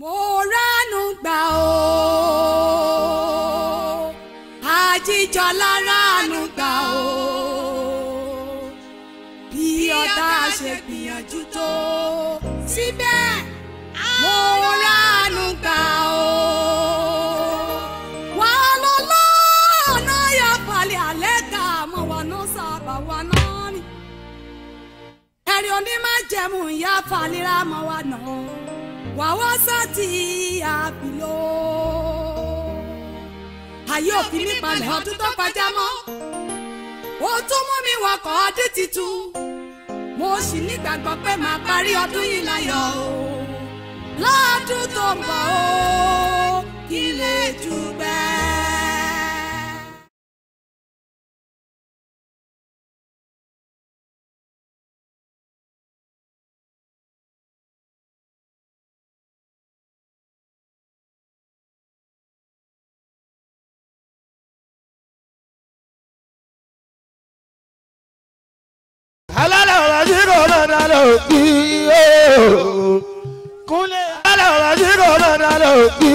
mo ránu gbà ó àjíjọlá ránu gbà ó bí ọ̀tá ṣe gbìyànjú tó síbẹ̀ mo ránu gbà ó. Ẹ̀rí onímọ̀ jẹ̀mú ìyá falẹ̀ ra mọ́ wa náà wàwásàtì àbìlò ayé òfin nípalẹ̀ ọdún tó kọjá mọ́ ó tún mú mi wọkọ̀ ọdún titun mo sì nígbàgbọ́ pé màá parí ọdún yìí láyọ̀ o lọ́dún tó ń bọ̀ o. alálàwòrán sí kò náà dáná òkì ooo. kúnlẹ̀ alálàwòrán sí kò náà dáná òkì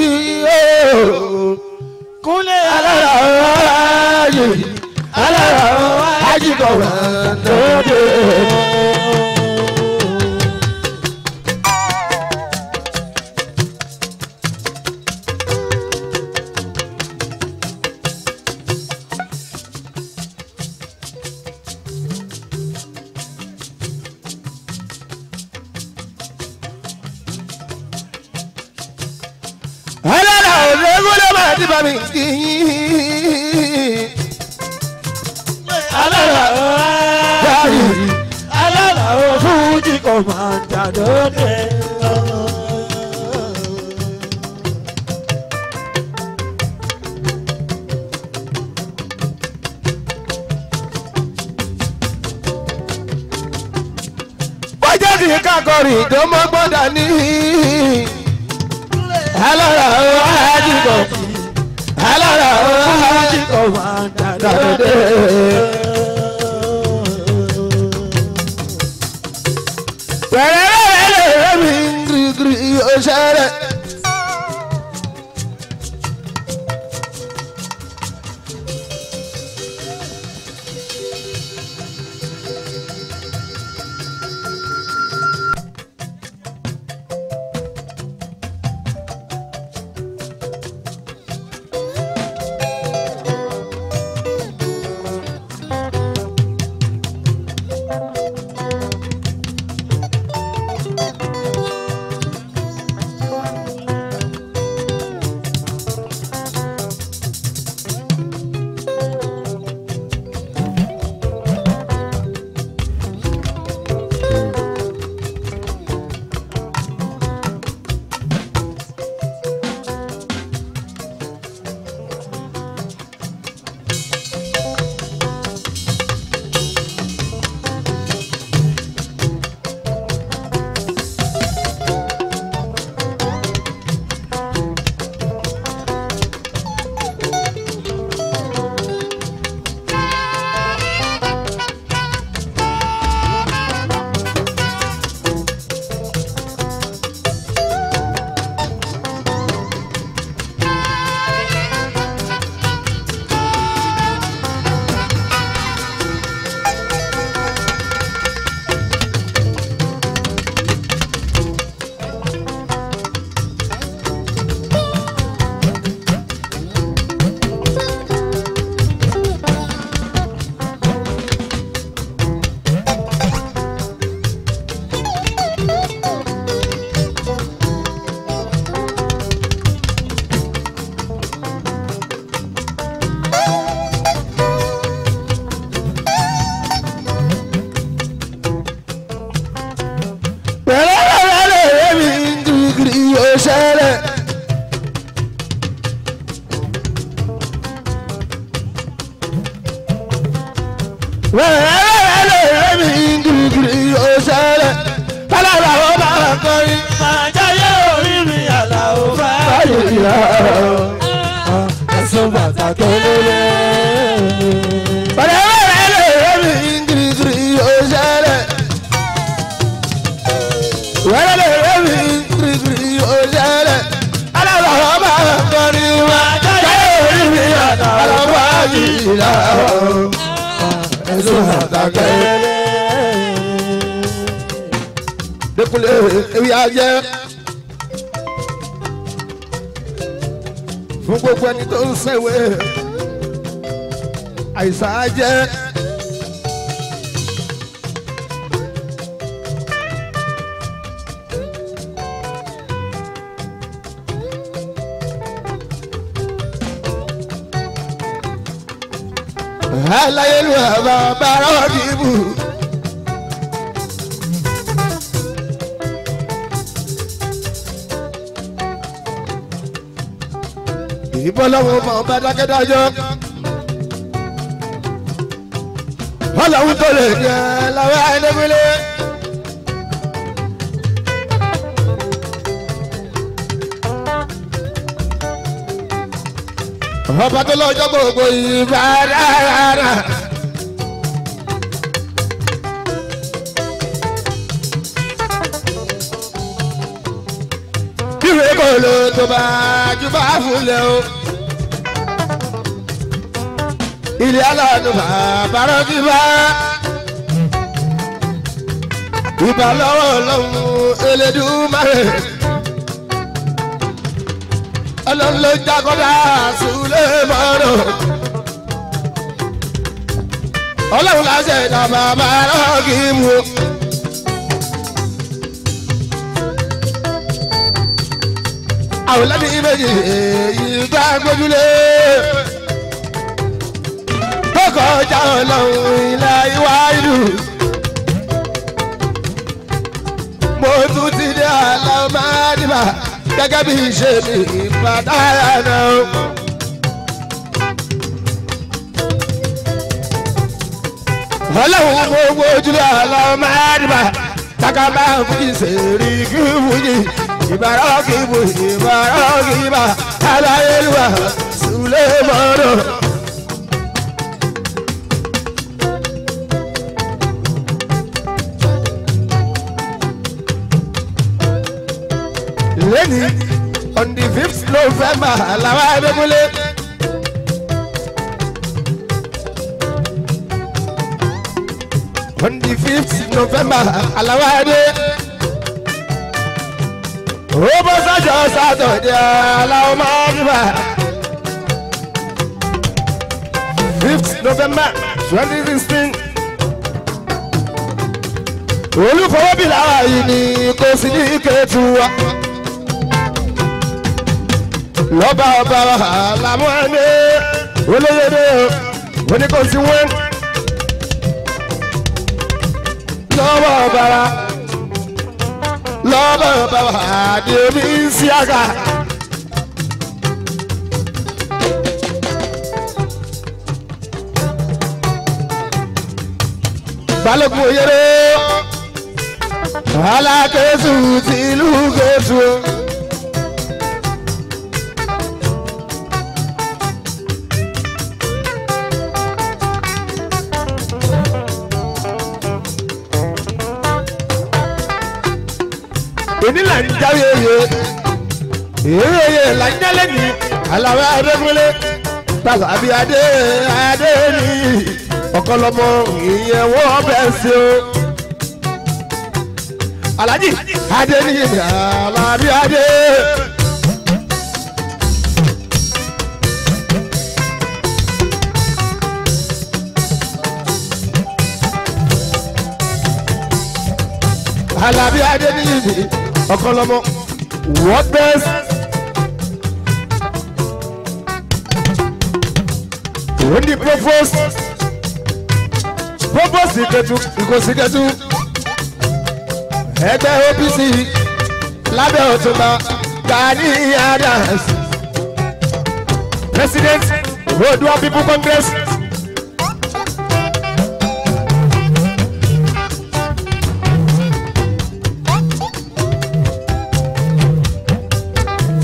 ooo. kúnlẹ̀ alálàwòrán ayé alálàwòrán ayé mi kì í. alára o yàrá alára o fújì kò máa jà lóde. ní kakọrin tó mọ gbọ́dọ̀ ní. alára o ajígbọ̀n máa dàdé. ayé. fún gbogbo ẹni tó ń ṣèwé àìsàn ajé. aláyélúwà bàbá rọ́ọ̀dì bù. ìbọ́láwọn ọmọ ọba dákẹ́dájọ́ ọlọ́run tó lè yẹ lọ́wọ́ ẹ̀ẹ́dẹ́gbẹ́lẹ́. ọba tó lọ́jọ́ gbogbo ìbá dára. bíwèé kò tó bá jù bá fún lẹ́ ilé aládùnfà bàrọ́kìbá ìbálọ́wọ́ ọlọ́run elédùmarè ọlọ́run ló jágọ́dá Sulemanu ọlọ́run láṣẹ ìdàbà bàrọ́kìbù. àwọn lẹ́nu ìbejì èyí gbàgbójúlé kọjá ọlọ́run ilẹ̀ ìwà mo tún ti dé alámàdìmá gẹ́gẹ́ bí ṣe mi ìpàdáyà náà. ọlọ́run gbogbo ojúlé alámàdìmá takaba fújì sèrè kí fújì ìbára kí fújì ìbára kí bá aláyélúwà sùlẹ̀ mọ́rọ̀. City on the fifth November làwọn Adékúnlé. on the fifth November alawa Adé. Robo bọ́ sọ́jọ́ sátọ̀dẹ̀ aláwọ̀ máa ń bá. fifth November twenty sixteen. olùkọ́wọ́bí làwọn yìí ni kò sí ní ìkẹ́tù wa lọ́ba ọba làmúhàndé olóyèdè oníkòsí wọn. lọ́ba ọba lọ́ba ọba àdébí síáka. balógun oyèrè alákẹ́sù tìlú kẹ́sù. èmi là ń jáwé oyè èrè oyè là ń jálẹ̀ ní aláwẹ̀ adékúnlé tàbí àbí adé adé ní ọ̀kọ́lọ́mọ ìyẹ̀wò ọbẹ̀ ṣe o. Alhaji adé ní alábí adé. adé ní ibi ọkọlọmọ what best when the provost provost ìkẹtù ìkòsíkẹtù ẹgbẹ́ OPC lábẹ́ Ọ̀túnba Gani Adams president Oòduà people congress.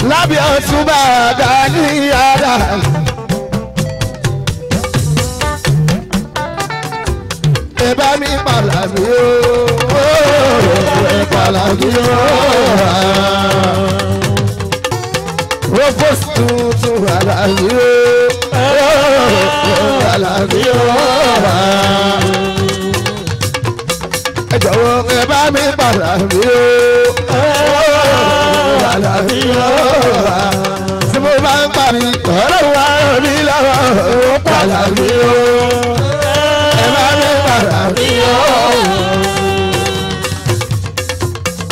lábẹ́ ọ̀túnba dání yàrá. ẹ bá mi pàlà mí o ẹ pàlà mí o. Rọ́fọ́sì tuntun pàlà o ẹ o. Ẹ jọ̀wọ́ ẹ bá mi pàlà mí o. Pàlà mi lọ́wọ́ ó padà mí o ẹ má mi padà mí o.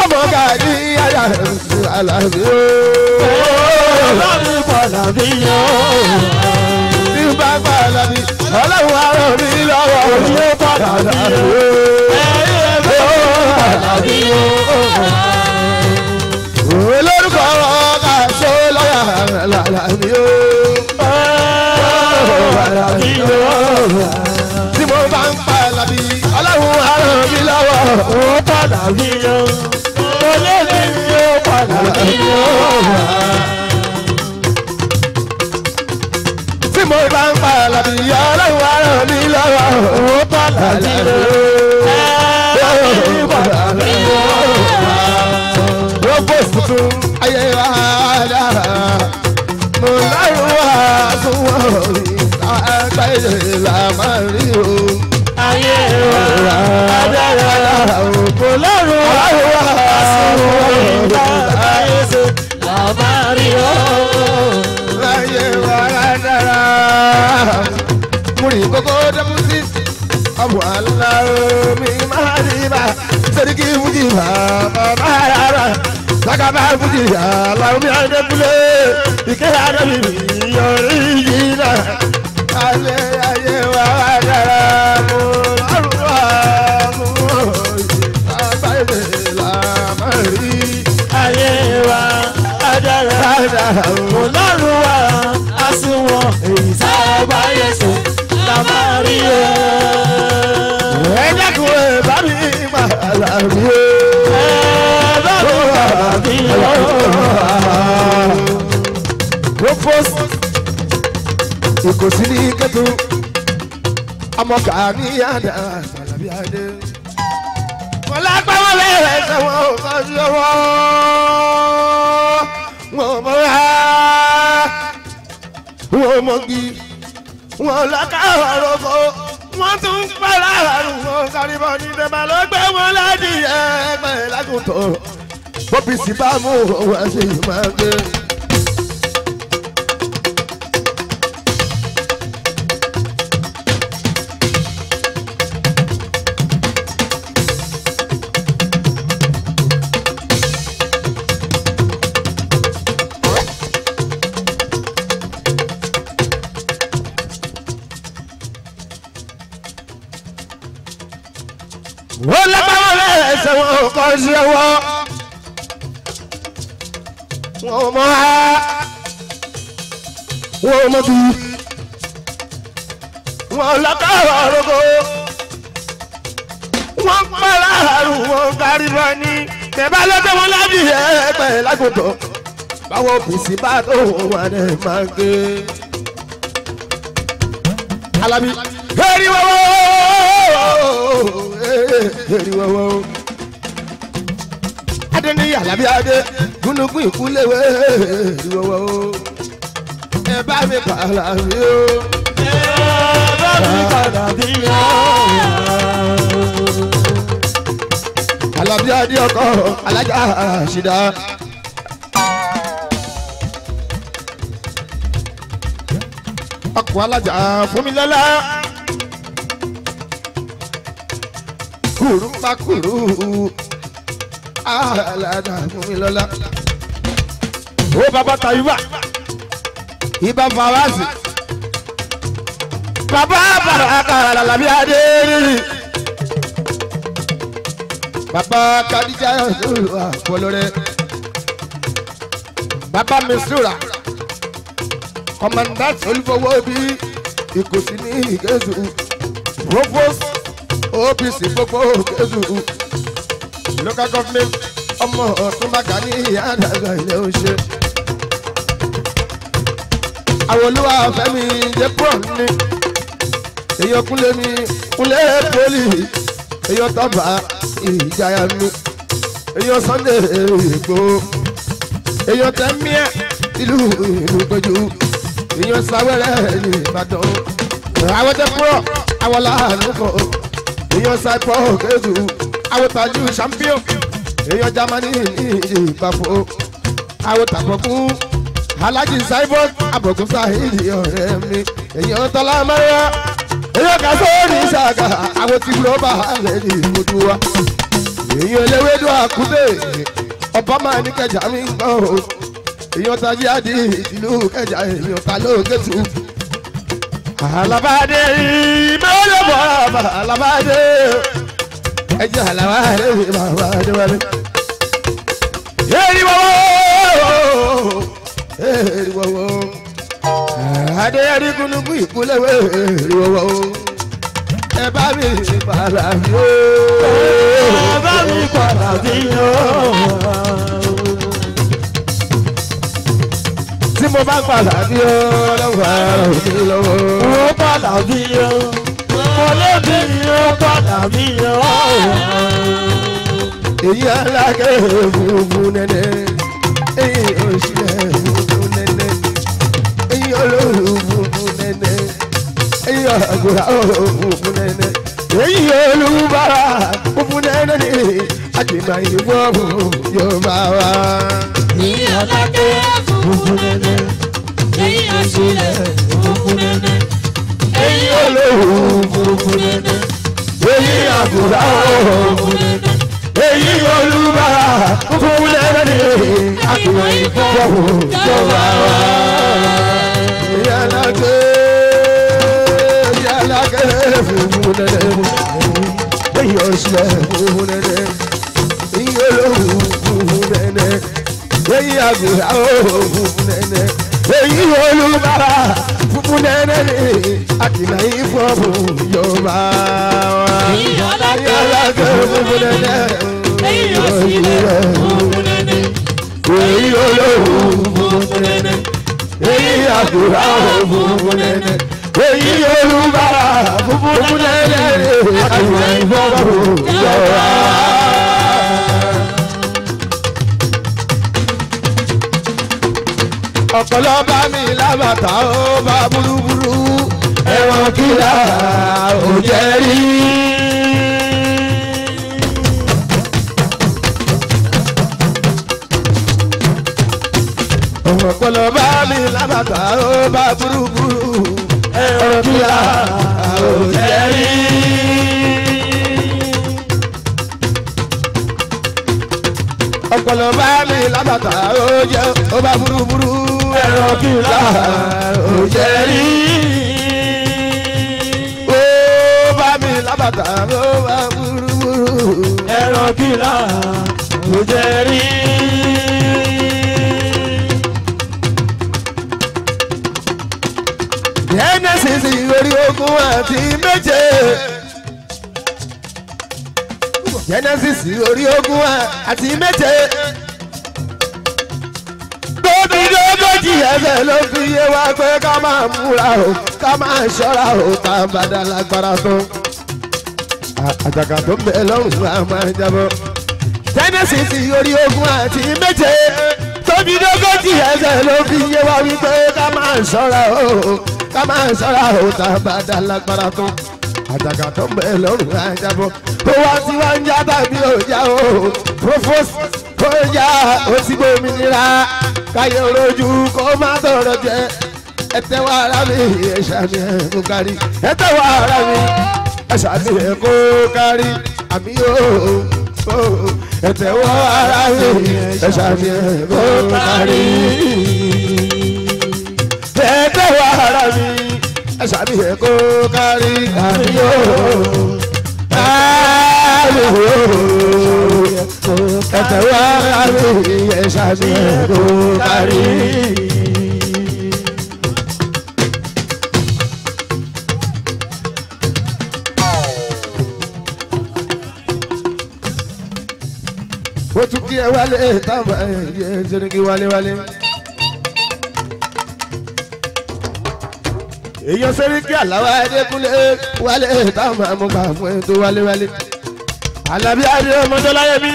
ọmọ gàdí yàrá àlàbí o ẹ má mi padà mí o. bí bá padà mí ọlọ́run á ràn mí lọ́wọ́ ó padà mí o. ẹ ó padà mí o olórúkọ ọ̀rọ̀ ọ̀gá ṣó lọ́yà lálàbí ó. àrùn mi lọ́wọ́ ó padà bí yọ. olórí mi ó padà bí yọ. tí mo bá ń pa àlàbí ọlọ́run àrùn mi lọ́wọ́ ó padà bí yọ. Gbogbo tuntun ayé wa dára. bàbá rárá sakaba fújì aláwọ̀mí adébúlé ìké adébìbì yọrí yìí náà alẹ́ ayé wa wá dára mo lọ́rùn la má rí wa wá dára mo lọ́rùn la má rí ẹ. ẹ dákun ẹ post ikosini ketu amọka ni ada salabi ade wọlé agbáwọn lẹrẹ sẹwọn ò sọjú ọwọ wọn mọ ha wọn mọ gbi wọn lọkà àròfọ wọn tún pàrọ àrùn wọn sàrìbọ ní tẹmà ló gbé wọn ládìyẹ ẹgbẹ lágùntàn bóbi sì bá mú òwò ẹsẹ yìí máa gbé. mọ́tù wọn lọ́kàrọ̀ àrògó wọn pààlà àrùn wọn kárí bá ní tẹ̀bá lọ́tẹ̀ wọn lábì ẹ̀ẹ́pẹ̀ lágòdò báwo bìsí bá lóhùn wọn ní máa ń gé. Alábí eri wowo eri wowo adé ní Alábí adé gúnugún ìkúléwé eri wowo ẹ bá mi padà bí o. ẹ bá mi ah. padà bí o. Àlàbí adé ọkọ alájà àṣìdá. ọkọ alájà fúnmilọ́lá. kùrú ń bá alájà fúnmilọ́lá. ó bàbá Tayuba. Ìbà Fawasi. Bàbá Bàràkà Làlàbí Adérírì. baba Kadija Olúwa Fọlọ́rẹ́. baba Misura. Commandant Olúfowó bí Ìkòsí ní Ìgézù. Provost OPC gbogbo Ìgézù. Local government ọmọ ọ̀tún bàgà ní ìyá àdàgbà ilé oṣù àwọn olúwa fẹ́mi jẹ́ pọ̀ ní. èyí kúnlé mi kúnlé poli èyí tọ́ba ìjayà mi èyí Sunday ègbò èyí tẹ́míẹ́ ìlú ìlú péjú èyí sáwẹ́rẹ́ ní Ìbàdàn. àwọn tẹ́ púrọ̀ àwọn láàánú kan èyí sáìpọ̀ kéjù àwọn tajú champion èyí Germany ní ìgbàfọ́ àwọn tàbọ̀kú alhaji saibot abokun sahidi ọ̀rẹ́ mi èyàn tọ́lá mẹ́rẹ́ èyàn ká sórí ṣàgà àwọn tí rọ́bà rẹ̀ ní ìmúdú wa èyàn eléwédú àkúté ọba máa ní kẹjà mi ń gbọ́ o èyàn tají àdí ìdílú kẹjà èyàn ta ló gẹ̀tù. alábàdé ìmọ̀lẹ́ bọ̀ alábàdé ẹjẹ alábàdé ìmọ̀lẹ́ bọ̀ alábàdé. yéèrí wọ́wọ́ èrìwọ̀wọ̀ ah, adé arígunnugun ìkúlẹ̀wé èrìwọ̀wọ̀ ẹ bá mi padà bí ó ẹ bá mi padà bí ó. tí mo bá padà bí ó lọ́wọ́ àròkè lọ́wọ́. ó padà bí o, mo lè bí o, padà bí ó. èyí alágẹ̀ fúnfún nẹ́nẹ́ èyí ò ṣe é. yọ àgùrà òfun nẹ́nẹ́. èyí olùbára òfun nẹ́nẹ́ ni àjìmá ìwọ́ọ̀bù oh, yóò máa wá. ní ọ̀làdé òfun nẹ́nẹ́ èyí àṣìlẹ̀ òfun nẹ́nẹ́ èyí olóhùn òfun nẹ́nẹ́ lẹ́lẹ́ mo lẹ́yìn ọ̀ṣẹ́ mo lẹ́lẹ́ iye olóhùn mo lẹ́lẹ́ lẹ́yìn àgùrà òhùn lẹ́lẹ́ lẹ́yìn olùbárà mo lẹ́lẹ́ àtìlẹ́yìn fọ́ọ̀mù yorùbá lẹ́yìn ọ̀làkẹ́ mo lẹ́lẹ́ lẹ́yìn èyí olùbàrà funfun lẹ́lẹ́rẹ́ àgbẹ̀ ìbọ̀bọ̀ ìjọba. ọ̀pọ̀lọ́ bá mi lábàtà ó bá burúburú ẹ̀wọ̀n kílà ò jẹ́ rí. ọ̀pọ̀lọ́ bá mi lábàtà ó bá burúburú ọ̀rọ̀ bí a ò jẹ́ rí. mi lábàtà ó jẹ́ ó bá burúburú ẹ̀rọ bí a ò jẹ́ rí. ó bá mi lábàtà ó bá burúburú ẹ̀rọ bí a ò genesis orí ogún àti méje genesis orí ogún àti méje tóbi lógójì ẹsẹ̀ ló fi yé wa pé ká máa múra o ká máa ṣọ́ra o tá a bá dá lágbára fún àjàgà tó ń bẹ lọ́rùn wa máa jábọ́ genesis orí ogún àti méje tóbi lógójì ẹsẹ̀ ló fi yé wa wípé ká máa ṣọ́ra o ká máa ṣọ́ra òòtà bàdà lágbára tán àjàgà tó ń bẹ lọ́rùn ajábọ̀ tó wá sí wá ń já tàbí òjá o profos kó yá ó sì gbòmìnira káyọ̀ rojú kó má tọrọ jẹ ẹtẹ wá ara mi ẹṣà mi ẹ kó kárí ẹtẹ wá ara mi ẹṣà mi ẹ kó kárí àmì yóò ẹtẹ wá ara mi ẹṣà mi ẹ kó kárí dẹ́dẹ́ wàhálà mi ẹ sàbí yẹ kó kárí àmì yóò àmì yóò ẹ̀tẹ̀ wàhálà mi ẹ sàbí yẹ kó kárí. ó tún kí ẹ wálé táwọn ẹ ẹ ṣe ní kí wálé wálé. èèyàn Sẹ́ríkì Àlàó Adékúnlé wálé táwọn àmúgbà fún ẹ wálé wálé Àlàbí adé ọmọdéláyé mi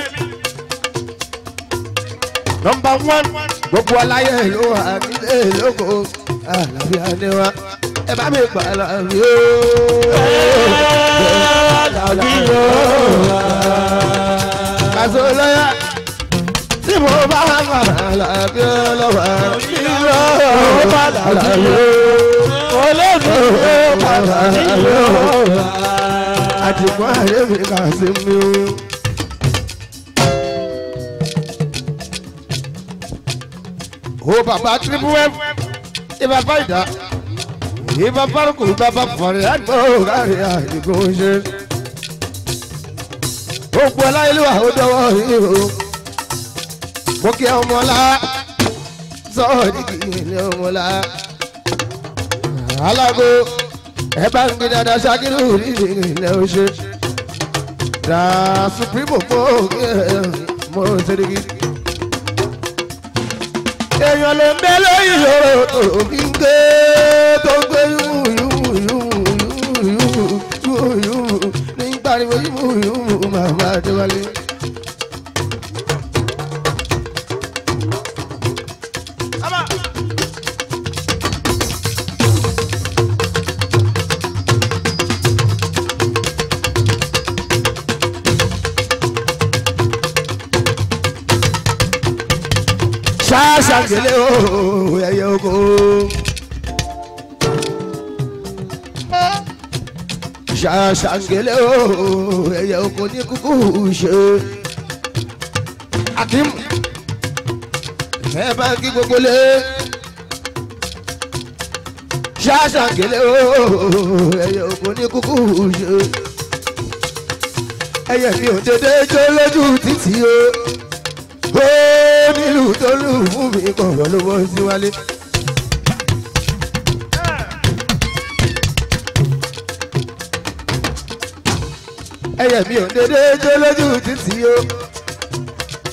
nọmba wọn gbogbo aláyé ló wà nílé lóko Àlàbí adé wa ẹ bá mi pa Àlàbí o. Àlàbí o. kàṣọ lọ́yà tí mo bá wà Àlàbí ọlọ́wà. Àlàbí o ẹlẹ́mi ó padà nílé ọ̀la àdìpọ̀ àrẹ́mi kà sí mi ó. ó bàbá tìrìbù wẹ́n ibà bá ìdá ibà bá rúkú bàbá fọ̀rẹ́ àgbọ̀ kárí àdìgbò ṣe. ó gbọ́ láyéluwà ó dọ́wọ́ yìí o mo kí ọmọlá sọ́ọ̀dì kìí ọmọlá alágo ẹ bá ń gbé dada ṣákírù rírì ilẹ̀ oṣù ra supreme mo mo ṣerigi. èèyàn ló ń bẹ lóyún lóró tó fi ń gbé tó ń gbé yúmu yúmu yúmu yúmu yúmu yúmu ní pariwo yúmu yúmu màmá àdéwálé. ṣàgbélé o ẹyẹ oko. ṣàṣàgbélé o ẹyẹ oko ní kúkú ṣe. akim ẹ bá kí gbogbo lé. ṣàṣàgbélé o ẹyẹ oko ní kúkú ṣe. ẹyẹ mi ò dédé jó lójú títì o nílùú tó lù fún mi kọ̀ọ̀rọ̀ ló bọ́ sí wálé. ẹyẹ mi ò dédé jó lójú títí o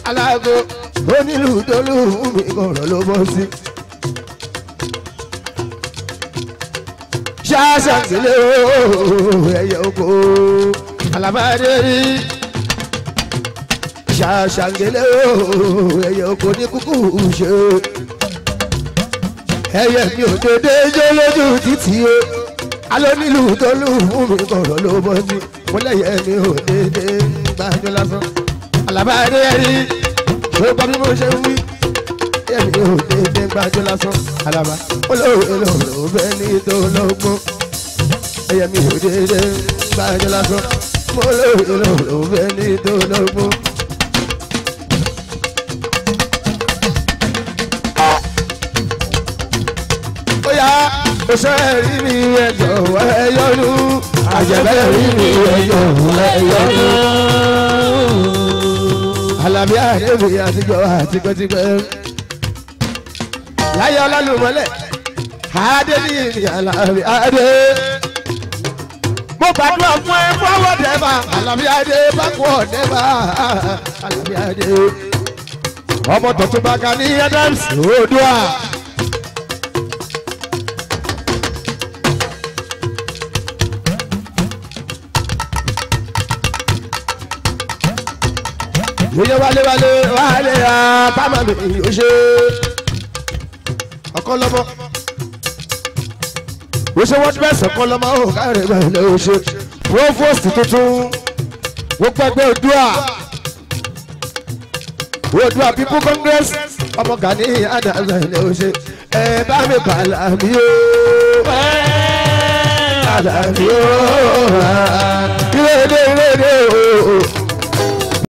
aláàgó ó nílùú tó fún mi kọ̀ọ̀rọ̀ ló bọ́ sí. ṣáṣà sílé o ẹyẹ oko alábàádé rí ṣàṣàǹgẹ̀lẹ̀ o ẹyẹ oko ní kúkú ṣe o ẹyẹ mi ò dédé jó lójú títì o alónílù tó lù fún mi kọ̀rọ̀ ló bọ́jú mo lẹ́yẹ mi ò dédé gbájú lásán àlàbà ẹni ẹni ló bá bí mo ṣe wí ẹyẹ mi ò dédé gbájú lásán àlàbà olóòwe lòlò bẹ́ẹ̀ ni tó lọ́gbọ́n ẹyẹ mi ò dédé gbájú lásán mo lòlò bẹ́ẹ̀ ni tó lọ́gbọ́n. ó ṣe rí mi ẹjọ́ ẹyọ́nú àjẹbẹ́ rí mi ẹjọ́ ẹyọ́nú. Àlàbí àdébí àtijọ́ àtìgbẹ́tìgbẹ́ láyé ọlálùmọ́lẹ̀ adé ní ìyàlá adé mo gbàdúrà fún ẹ fọwọ́ dẹ́fà Àlàbí adé bákùọ̀ dẹ́fà Àlàbí adé ọmọ tuntun bá ga ní adams oòdùà. bóyá wálé wálé wálé ya táwọn mi yóò ṣe ọkọ lọmọ ó ṣe wọ́n bẹ́ẹ̀ sọ̀kan lọ́mọ ó káàrẹ̀ bẹ́ẹ̀ lè ó ṣe provost tuntun gbogbo ẹgbẹ́ Oòduà Oòduà people congress ọmọ Gani adama lè ó ṣe ẹ bá mi bàlá mi ó bàlá mi ó ilé ilé ilé ilé ó.